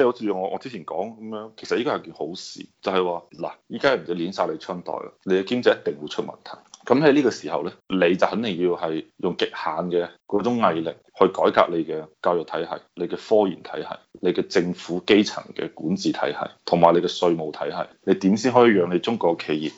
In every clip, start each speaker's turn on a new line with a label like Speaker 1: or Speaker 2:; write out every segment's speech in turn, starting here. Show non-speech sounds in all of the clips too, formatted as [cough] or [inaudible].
Speaker 1: 即係好似我我之前講咁樣，其實依家係件好事，就係話嗱，依家唔使碾晒你春袋，你嘅經濟一定會出問題。咁喺呢個時候咧，你就肯定要係用極限嘅嗰種毅力去改革你嘅教育體系、你嘅科研體系、你嘅政府基層嘅管治體系同埋你嘅稅務體系。你點先可以讓你中國企業？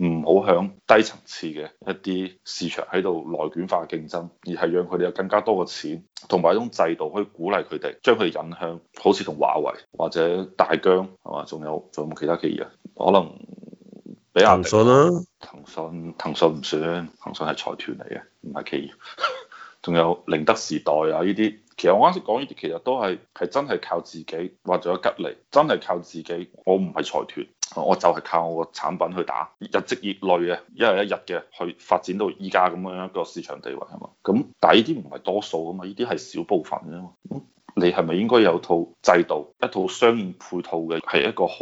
Speaker 1: 唔好喺低層次嘅一啲市場喺度內卷化競爭，而係讓佢哋有更加多嘅錢，同埋一種制度去鼓勵佢哋將佢哋引向好似同華為或者大疆係嘛？仲有仲有冇其他企業啊？可能比亞迪，騰訊啦、啊，騰訊騰訊唔算，騰訊係財團嚟嘅，唔係企業。仲 [laughs] 有寧德時代啊呢啲，其實我啱先講呢啲其實都係係真係靠自己或者吉利，真係靠自己。我唔係財團。我就係靠我個產品去打日積月累嘅，一日一日嘅去發展到依家咁樣一個市場地位啊嘛。咁但係呢啲唔係多數啊嘛，呢啲係少部分啊嘛。咁你係咪應該有套制度、一套商業配套嘅，係一個好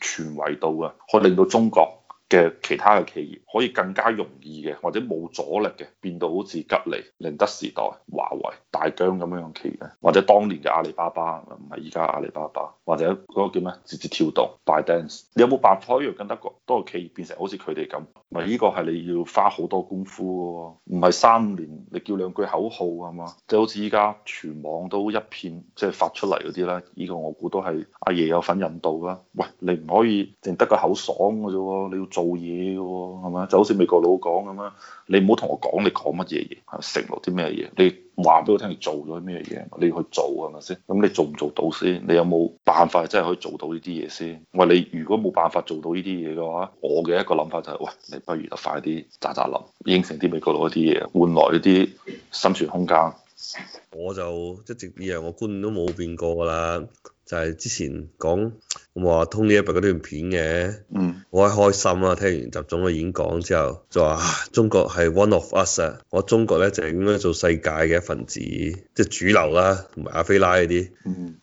Speaker 1: 全維度嘅，可以令到中國嘅其他嘅企業可以更加容易嘅或者冇阻力嘅變到好似吉利、寧德時代、華為、大疆咁樣嘅企業，或者當年嘅阿里巴巴唔係依家阿里巴巴，或者嗰個叫咩？直接跳動、ByteDance 你有冇辦法可以跟得更多嘅企業變成好似佢哋咁？唔係呢個係你要花好多功夫喎，唔係三年你叫兩句口號啊嘛，即係好似依家全網都一片即係發出嚟嗰啲啦。呢個我估都係阿爺有份引導啦。喂，你唔可以淨得個口爽嘅啫喎，你要做。冇嘢嘅喎，係咪？就好似美國佬講咁啦，你唔好同我講你講乜嘢嘢，承諾啲咩嘢，你話俾我聽你做咗啲咩嘢，你要去做係咪先？咁、嗯、你做唔做到先？你有冇辦法真係可以做到呢啲嘢先？喂，你如果冇辦法做到呢啲嘢嘅話，我嘅一個諗法就係、是，喂，你不如就快啲渣渣林應承啲美國佬啲嘢，換來啲生存空間。
Speaker 2: 我就一直以嚟我觀念都冇變過噶啦，就係之前講我話通一伯嗰段片嘅，我一開心啦、啊，聽完習總嘅演講之後，就話、啊、中國係 one of us 啊，我中國咧就是、應該做世界嘅一份子，即、就、係、是、主流啦、啊，同埋亞非拉嗰啲，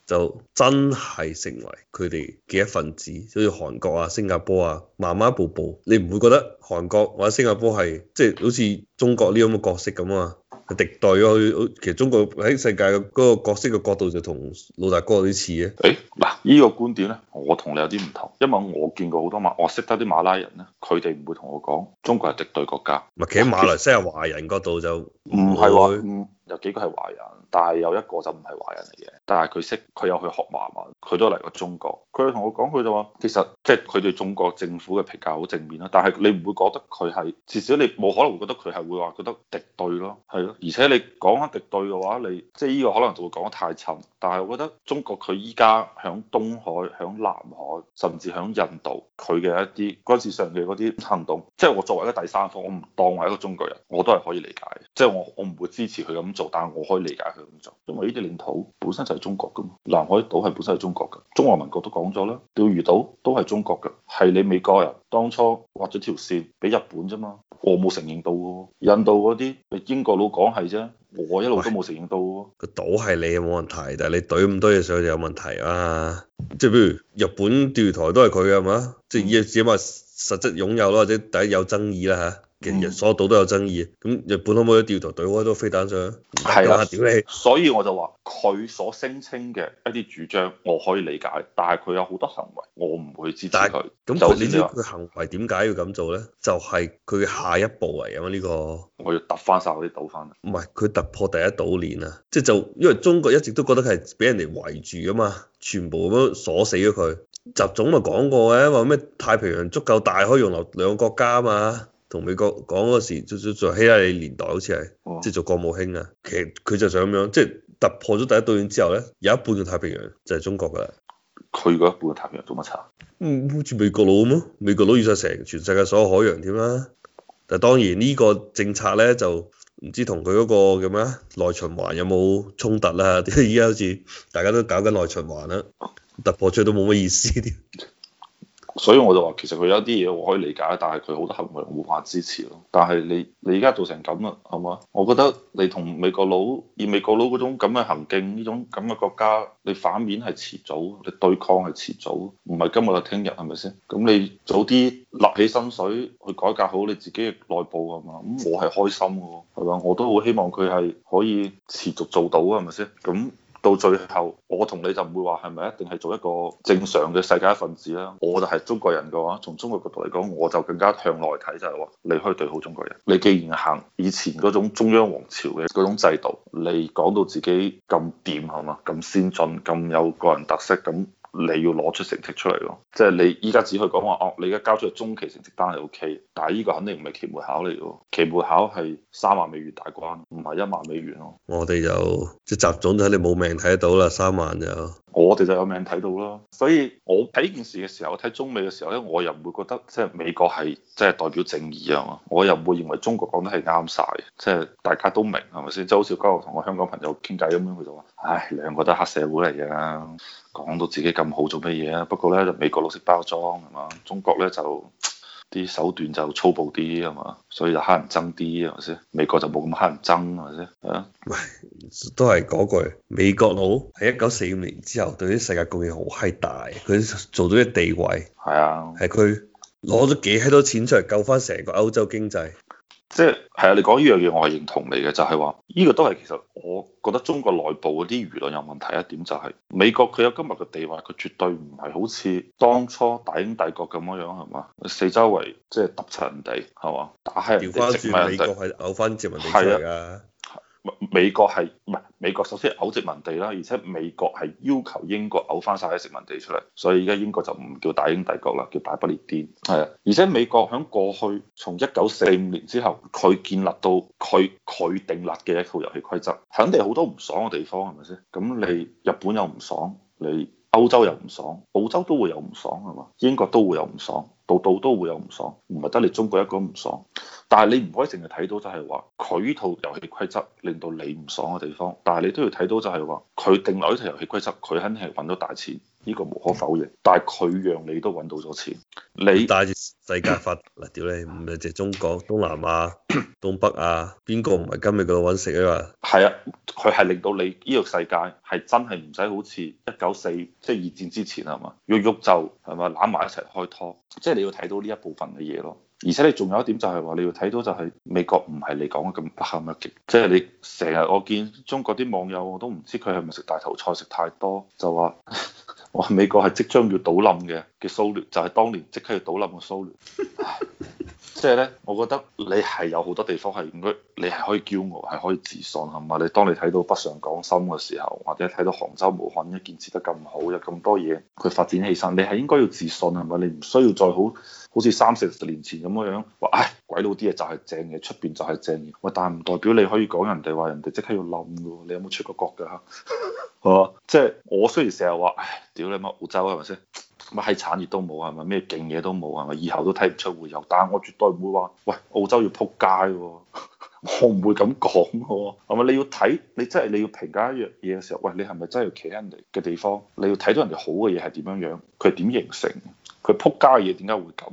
Speaker 2: 就真係成為佢哋嘅一份子，好似韓國啊、新加坡啊，慢慢步步，你唔會覺得韓國或者新加坡係即係好似中國呢啲咁嘅角色咁啊？係敵對咯，其實中國喺世界嗰個角色嘅角度就同
Speaker 1: 老大哥有啲似嘅。誒、哎，嗱，呢個觀點咧，我同你有啲唔同，因為我見過好多馬，我識得啲馬拉人咧，佢哋唔會同我講中國係敵對國家。咪企喺馬來西亞華人角度就唔係有幾個係華人，但係有一個就唔係華人嚟嘅，但係佢識佢有去學華文，佢都嚟過中國。佢同我講，佢就話其實即係佢對中國政府嘅評價好正面啦。但係你唔會覺得佢係，至少你冇可能會覺得佢係會話覺得敵對咯，係咯。而且你講下敵對嘅話，你即係呢個可能就會講得太深。但係我覺得中國佢依家響東海、響南海，甚至響印度，佢嘅一啲軍事上嘅嗰啲行動，即係我作為一個第三方，我唔當係一個中國人，我都係可以理解。即係我我唔會支持佢咁做。但係我可以理解佢咁做，因為呢啲領土本身就係中國㗎嘛，南海島係本身係中國㗎，中華民國都講咗啦，釣魚島都係中國㗎，係你美國人當初劃咗條線俾日本啫嘛，我冇承認到喎，印度嗰啲你英國佬講係啫，我一路都冇承認到喎喂，
Speaker 2: 個島係你冇問題，但係你懟咁多嘢上去就有問題啊。即係譬如日本釣魚台都係佢嘅係咪啊？即係只只嘛實質擁有咯，或者第一有爭議啦嚇。人人所有島都有爭議，咁日本可唔可以掉頭對外都飛彈上？
Speaker 1: 係啊，屌你的！氣所以我就話佢所聲稱嘅一啲主張我可以理解，但係佢有好多、這個、行為我唔會支持佢。咁佢你知佢
Speaker 2: 行為點解要咁做咧？就係、是、佢下一步嚟啊嘛！呢、這個我要突翻晒嗰啲島翻。
Speaker 1: 唔係佢突
Speaker 2: 破第一島鏈啊！即係就，是、就因為中國一直都覺得係俾人哋圍住啊嘛，全部咁樣鎖死咗佢。習總咪講過嘅、啊，話咩太平洋足夠大可以容納兩個國家啊嘛。同美國講嗰時就做希拉里年代好似係，哦、即係做國務卿啊。其實佢就想咁樣，即、就、係、是、突破咗第一對岸之後咧，有一半嘅太平洋就係中國㗎啦。佢嗰一半嘅太平洋做乜差？嗯，好似美國佬咁咯，美國佬預晒成全世界所有海洋添啦。但係當然呢個政策咧就唔知同佢嗰個叫咩內循環有冇衝突啦。點解而家好似大家都搞緊內循環啦，突破出去都冇乜意思添。
Speaker 1: 所以我就話，其實佢有一啲嘢我可以理解，但係佢好多行為我冇法支持咯。但係你你而家做成咁啦，係嘛？我覺得你同美國佬以美國佬嗰種咁嘅行徑，呢種咁嘅國家，你反面係遲早，你對抗係遲早，唔係今日就聽日，係咪先？咁你早啲立起心水，去改革好你自己嘅內部係嘛？咁我係開心嘅，係嘛？我都好希望佢係可以持續做到啊，係咪先？咁。到最後，我同你就唔會話係咪一定係做一個正常嘅世界分子啦。我就係中國人嘅話，從中國角度嚟講，我就更加向內睇，就係話你可以對好中國人。你既然行以前嗰種中央皇朝嘅嗰種制度，你講到自己咁掂，係嘛？咁先進，咁有個人特色咁。你要攞出成績出嚟咯，即係你依家只可以講話，哦，你依家交出中期成績單係 OK，但係依個肯定唔係期末考嚟喎，期末考係三萬美元大關，唔係一萬美元咯。
Speaker 2: 我哋就即係習總睇你冇命睇得到啦，三萬就。我哋就有命睇
Speaker 1: 到咯，所以我睇件事嘅時候，睇中美嘅時候咧，我又唔會覺得即係美國係即係代表正義啊嘛，我又唔會認為中國講得係啱晒，即係大家都明係咪先？即係好少交流同我香港朋友傾偈咁樣，佢就話：唉，兩個都黑社會嚟噶，講到自己咁好做乜嘢啊？不過咧，美國攞識包裝係嘛，中國咧就，啲手段就粗暴啲啊嘛，所以就黑人憎啲係咪先？美國就冇咁黑人憎係咪先？啊，唔
Speaker 2: 係都係嗰句，美國佬喺一九四五年之後對啲世界貢獻好閪大，佢做到啲地位係是啊，係佢攞咗幾閪多錢出嚟救翻成個歐洲經濟。
Speaker 1: 即係係啊！你講呢樣嘢，我係認同你嘅，就係話呢個都係其實我覺得中國內部嗰啲輿論有問題，一點就係美國佢有今日嘅地位，佢絕對唔係好似當初大英帝國咁樣樣係嘛？四周圍即係揼親人哋係嘛？打係人哋，
Speaker 2: 掉翻轉美國係有
Speaker 1: 美國係唔係美國首先嘔殖民地啦，而且美國係要求英國嘔翻晒啲殖民地出嚟，所以而家英國就唔叫大英帝國啦，叫大不列顛係啊。而且美國響過去從一九四五年之後，佢建立到佢，佢定立嘅一套遊戲規則，肯定好多唔爽嘅地方係咪先？咁你日本又唔爽，你歐洲又唔爽，澳洲都會有唔爽係嘛，英國都會有唔爽。度度都會有唔爽，唔係得你中國一個唔爽，但係你唔可以淨係睇到就係話佢套遊戲規則令到你唔爽嘅地方，但係你都要睇到就係話佢定落呢套遊戲規則，佢肯定係揾到大錢，呢個無可否認。但係佢讓你都揾到咗錢，你帶住世界法，嗱
Speaker 2: 屌 [coughs] 你，唔係隻中國、東南亞、東北亞啊，邊個唔係今日嗰度揾食啊嘛？
Speaker 1: 係啊，佢係令到你呢個世界係真係唔使好似一九四即係二戰之前係嘛，喐喐就係嘛攬埋一齊開拖，即係你要睇到呢一部分嘅嘢咯，而且你仲有一點就係話，你要睇到就係美國唔係你講嘅咁不堪一擊，即係你成日我見中國啲網友我都唔知佢係咪食大頭菜食太多，就話我 [laughs] 美國係即將要倒冧嘅嘅蘇聯，就係當年即刻要倒冧嘅蘇聯。 [laughs] 即係咧，我覺得你係有好多地方係應該，你係可以驕傲，係可以自信係嘛？你當你睇到北上廣深嘅時候，或者睇到杭州、武漢一建設得咁好，有咁多嘢佢發展起身，你係應該要自信係嘛？你唔需要再好好似三四十年前咁樣樣話，唉，鬼佬啲嘢就係正嘅，出邊就係正嘅。喂，但係唔代表你可以講人哋話人哋即刻要冧噶喎。你有冇出過國㗎嚇？係 [laughs] 嘛？即係我雖然成日話，唉，屌你媽，澳洲係咪先？乜係產業都冇係咪？咩勁嘢都冇係咪？以後都睇唔出會有？但係我絕對唔會話，喂，澳洲要撲街喎， [laughs] 我唔會咁講嘅喎。係咪你要睇？你真係你要評價一樣嘢嘅時候，喂你係咪真係要企喺人哋嘅地方？你要睇到人哋好嘅嘢係點樣樣？佢點形成？佢撲街嘅嘢點解會咁？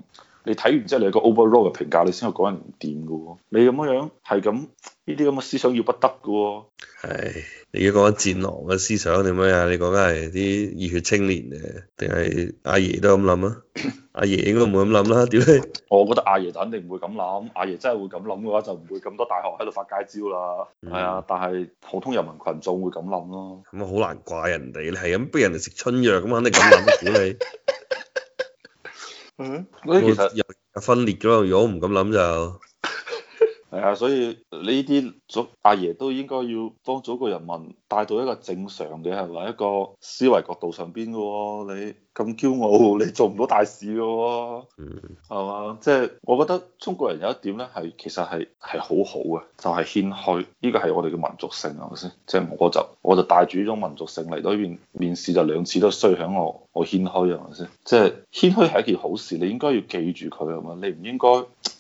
Speaker 1: 你睇完之後，你個 overall 嘅評價，你先去講人唔掂噶喎。你咁樣樣係咁，呢啲咁嘅思想要不得噶喎。
Speaker 2: 係，你而家講緊戰狼嘅思想定咩啊？你講緊係啲熱血青年嘅，定係阿爺都咁諗啊？ [coughs] 阿爺應該唔會咁諗啦。屌咧？
Speaker 1: 我覺得阿爺就肯定唔會咁諗。阿爺真係會咁諗嘅話，就唔會咁多大學喺度發街招啦。係、嗯、啊，
Speaker 2: 但係普通人民群眾會咁諗咯。咁啊，好、嗯嗯嗯嗯嗯嗯、難怪人哋你係咁逼人哋食春藥，咁肯定咁諗啦，估你。 [laughs] 嗯，嗰又分裂咗。如果唔咁諗，就。
Speaker 1: 係啊，所以呢啲阿爺都應該要幫祖國人民帶到一個正常嘅，係咪？一個思維角度上邊嘅喎，你咁驕傲，你做唔到大事嘅喎，係嘛？即係我覺得中國人有一點咧，係其實係係好好嘅，就係謙虛。呢個係我哋嘅民族性，係咪先？即係我就我就帶住呢種民族性嚟到呢邊面試，就兩次都衰響我我謙虛，係咪先？即係謙虛係一件好事，你應該要記住佢啊嘛，你唔應該。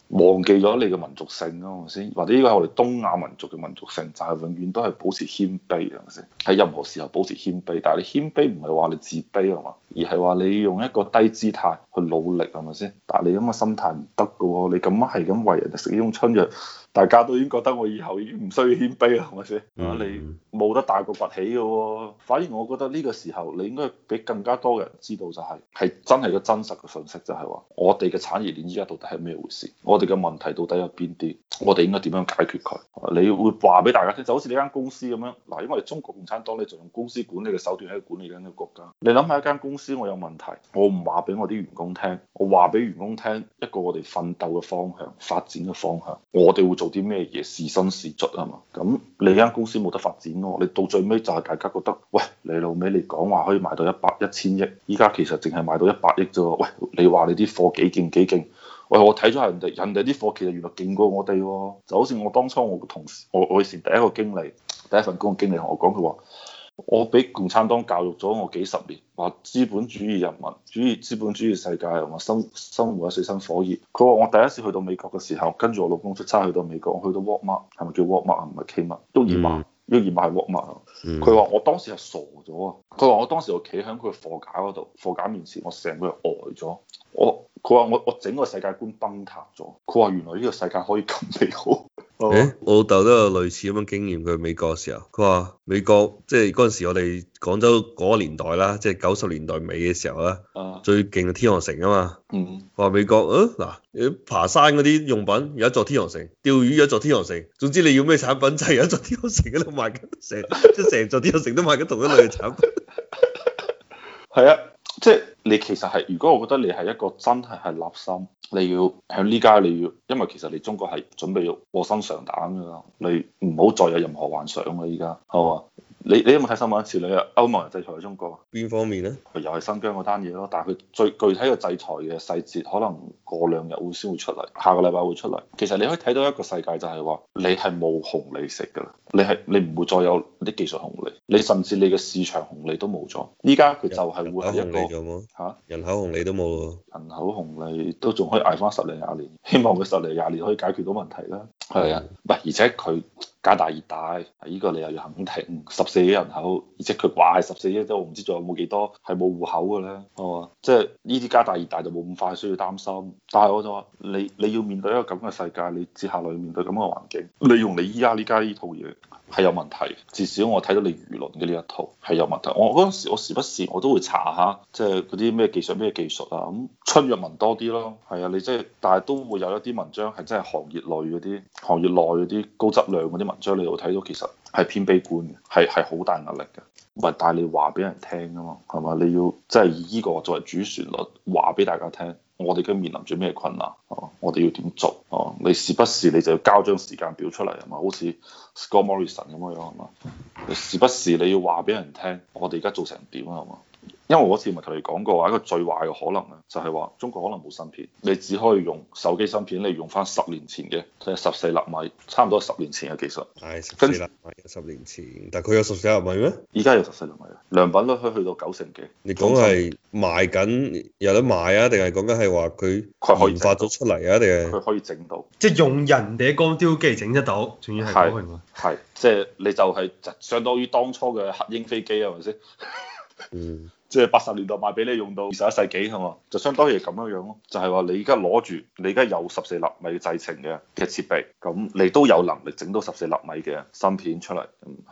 Speaker 1: 忘記咗你嘅民族性啊，係咪先？或者呢個係我哋東亞民族嘅民族性就係永遠都係保持謙卑，係咪先？喺任何時候保持謙卑，但係你謙卑唔係話你自卑啊嘛？而係話你用一個低姿態去努力，係咪先？但係你咁嘅心態唔得嘅喎，你咁樣係咁為人哋食呢種春藥？大家都已經覺得我以後已經唔需要謙卑啦，係咪先？啊、hmm.，你冇得大國崛起嘅喎、哦。反而我覺得呢個時候，你應該俾更加多嘅人知道、就是，就係係真係個真實嘅信息就，就係話我哋嘅產業鏈依家到底係咩回事，我哋嘅問題到底有邊啲？我哋應該點樣解決佢？你會話俾大家聽，就好似你間公司咁樣。嗱，因為中國共產黨你就用公司管理嘅手段喺管理緊個國家。你諗下，一間公司我有問題，我唔話俾我啲員工聽，我話俾員工聽一個我哋奮鬥嘅方向、發展嘅方向，我哋會做啲咩嘢，是新是卒啊嘛。咁你間公司冇得發展喎，你到最尾就係大家覺得，喂，你老尾你講話可以賣到一百一千億，依家其實淨係賣到一百億啫喎。喂，你話你啲貨幾勁幾勁？我我睇咗人哋人哋啲貨，其實原來勁過我哋喎、哦。就好似我當初我同事，我我以前第一個經理，第一份工嘅經理同我講，佢話我俾共產黨教育咗我幾十年，話資本主義、人民主義、資本主義世界我生生活係水深火熱。佢話我第一次去到美國嘅時候，跟住我老公出差去到美國，我去到沃爾瑪，係咪叫沃爾瑪啊？唔係 K 馬，都二萬。呢要二萬喎物，佢話、嗯：我當時係傻咗啊！佢話：我當時我企喺佢貨架嗰度，貨架面前，我成個人呆咗。我佢話：我我整個世界觀崩塌咗。佢話：原來呢個世界可以咁美好。誒、oh, oh. 欸，
Speaker 2: 我老豆都有類似咁樣經驗，佢去美國嘅時候，佢話美國即係嗰陣時我哋廣州嗰個年代啦，即係九十年代尾嘅時候啦，uh. 最勁嘅天河城啊嘛，佢話、uh. 美國，嗱、啊，爬山嗰啲用品有一座天河城，釣魚有一座天河城，總之你要咩產品就係有一座天河城喺度賣
Speaker 1: 緊，成即係成座天河城都賣緊同一類嘅產品，係 [laughs] 啊。 [laughs] 即係你其實係，如果我覺得你係一個真係係立心，你要喺呢家你要，因為其實你中國係準備要卧薪嘗膽㗎啦，你唔好再有任何幻想啦依家，好啊。你你有冇睇新聞？次？你日歐盟人制裁中國，邊方面咧？又係新疆嗰單嘢咯，但係佢最具體嘅制裁嘅細節，可能過兩日會先會出嚟，下個禮拜會出嚟。其實你可以睇到一個世界就，就係話你係冇紅利食噶啦，你係你唔會再有啲技術紅利，你甚至你嘅市場紅利都冇咗。依家佢就係會係一個吓人，人口紅利都冇。人口紅利都仲可以捱返十零廿年，希望佢十零廿年可以解決到問題啦。係啊，唔而且佢加大熱帶，呢、這個你又要肯停，十四億人口，而且佢話係十四億啫，我唔知仲有冇幾多係冇戶口嘅咧，係、哦、嘛？即係呢啲加大熱帶就冇咁快需要擔心，但係我就話你你要面對一個咁嘅世界，你接下來要面對咁嘅環境，你用你依家呢家呢套嘢係有問題，至少我睇到你輿論嘅呢一套係有問題。我嗰陣時我時不時我都會查下，即係嗰啲咩技術咩技術啊咁春藥文多啲咯。係啊，你即係但係都會有一啲文章係真係行業類嗰啲。行業內嗰啲高質量嗰啲文章，你會睇到其實係偏悲觀嘅，係係好大壓力嘅。唔係，但係你話俾人聽啊嘛，係嘛？你要即係、就是、以呢個作為主旋律，話俾大家聽，我哋而家面臨住咩困難？哦，我哋要點做？哦，你時不時你就要交張時間表出嚟啊嘛，好似 Scott Morrison 咁樣啊嘛。是你時不時你要話俾人聽，我哋而家做成點啊嘛？因為我嗰次咪同你講過話，一個最壞嘅可能咧，就係話中國可能冇芯片，你只可以用手機芯片，你用翻十年前嘅即係十四納米，差唔多十年前嘅技術。係十四納米，十年前，
Speaker 2: 但係佢有十四納米咩？
Speaker 1: 依家有十四納米，良品率可以去到九成幾。你講係
Speaker 2: 賣緊有得賣啊，定係講緊係話佢研發咗出嚟啊，定係佢可以整到？定係佢可以整到。即係用人哋嘅光雕機整得到，仲要係？係，即
Speaker 1: 係、就係、你就係就相當於當初嘅黑鷹飛機啊？係咪先？嗯。即係八十年代賣俾你用到二十一世紀，係嘛？就相當於係咁樣樣咯。就係話你而家攞住，你而家有十四納米製程嘅嘅設備，咁你都有能力整到十四納米嘅芯片出嚟，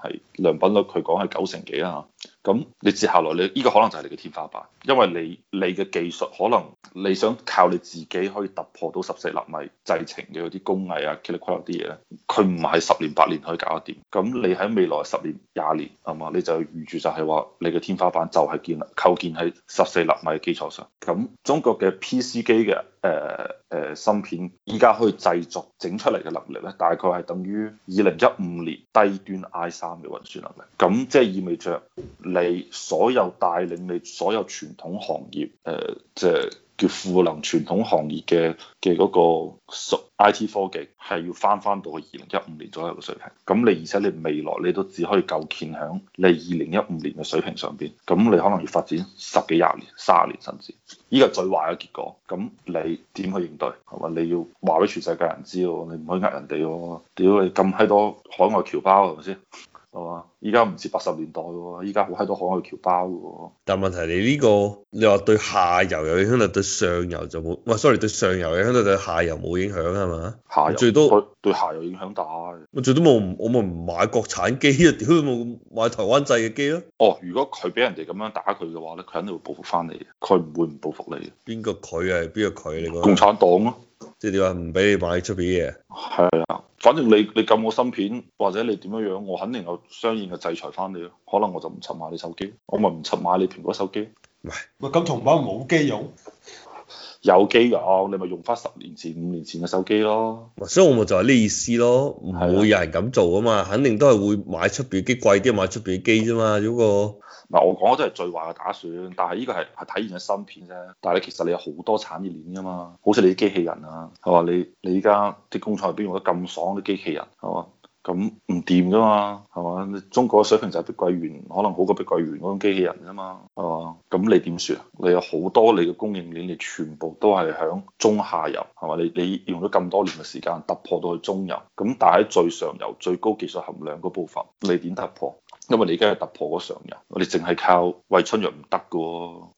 Speaker 1: 係良品率佢講係九成幾啊。咁你接下來，你依個可能就係你嘅天花板，因為你你嘅技術可能你想靠你自己可以突破到十四納米製程嘅嗰啲工藝啊、quality 啲嘢咧，佢唔係十年八年可以搞得掂。咁你喺未來十年、廿年啊嘛，你就預住就係話你嘅天花板就係建立構建喺十四納米嘅基礎上。咁中國嘅 PC 機嘅。啊啊、芯片依家可以製作整出嚟嘅能力咧，大概係等於二零一五年低端 I 三嘅運算能力，咁即係意味着你所有帶領你所有傳統行業誒，即、啊、係。就是叫賦能傳統行業嘅嘅嗰個熟 I T 科技，係要翻翻到去二零一五年左右嘅水平。咁你而且你未來，你都只可以構建響你二零一五年嘅水平上邊。咁你可能要發展十幾廿年、三十年甚至，呢個最壞嘅結果。咁你點去應對？係嘛？你要話俾全世界人知喎，你唔可以呃人哋喎。屌你咁閪多海外僑胞係咪先？係依家唔似八十年代喎，依家好閪多海外橋包嘅喎。但問題你呢個，
Speaker 2: 你話對下游有影響力，但對上游就冇。喂，sorry，對上游有影響力，但對下游冇影
Speaker 1: 響係嘛？下游最多對，對下游影響大。
Speaker 2: 我最多我我咪唔買國產機啊，屌冇
Speaker 1: 買台灣製嘅機咯。哦，如果佢俾人哋咁樣打佢嘅話咧，佢肯定會報復翻你嘅，佢唔會唔報復你嘅。邊個佢係邊個佢？你講？共產黨咯、啊。即係你話，唔俾你買出邊嘢，係啊。反正你你撳個芯片，或者你點樣樣，我肯定有相應嘅制裁翻你咯。可能我就唔插埋你手機，我咪唔插埋你蘋果手機。唔係是，喂，咁同胞冇機用？有機噶，你咪用翻十年前、五年前嘅手機咯。
Speaker 2: 所以我咪就係呢意思咯，唔會有人咁做啊嘛。是啊肯定都係會買出邊機貴啲，買出邊機啫嘛。如果個嗱，
Speaker 1: 我講嘅都係最壞嘅打算，但係呢個係係體現嘅芯片啫。但係其實你有好多產業鏈㗎嘛，好似你啲機器人啊，係嘛？你你依家啲工廠入邊用得咁爽啲機器人，係嘛？咁唔掂㗎嘛，係嘛？你中國嘅水平就係碧桂園，可能好過碧桂園嗰種機器人㗎嘛，係嘛？咁你點算啊？你有好多你嘅供應鏈，你全部都係喺中下游，係嘛？你你用咗咁多年嘅時間突破到去中游，咁但係喺最上游、最高技術含量嗰部分，你點突破？因為你而家係突破咗上日，我哋淨係靠餵春藥唔得嘅喎。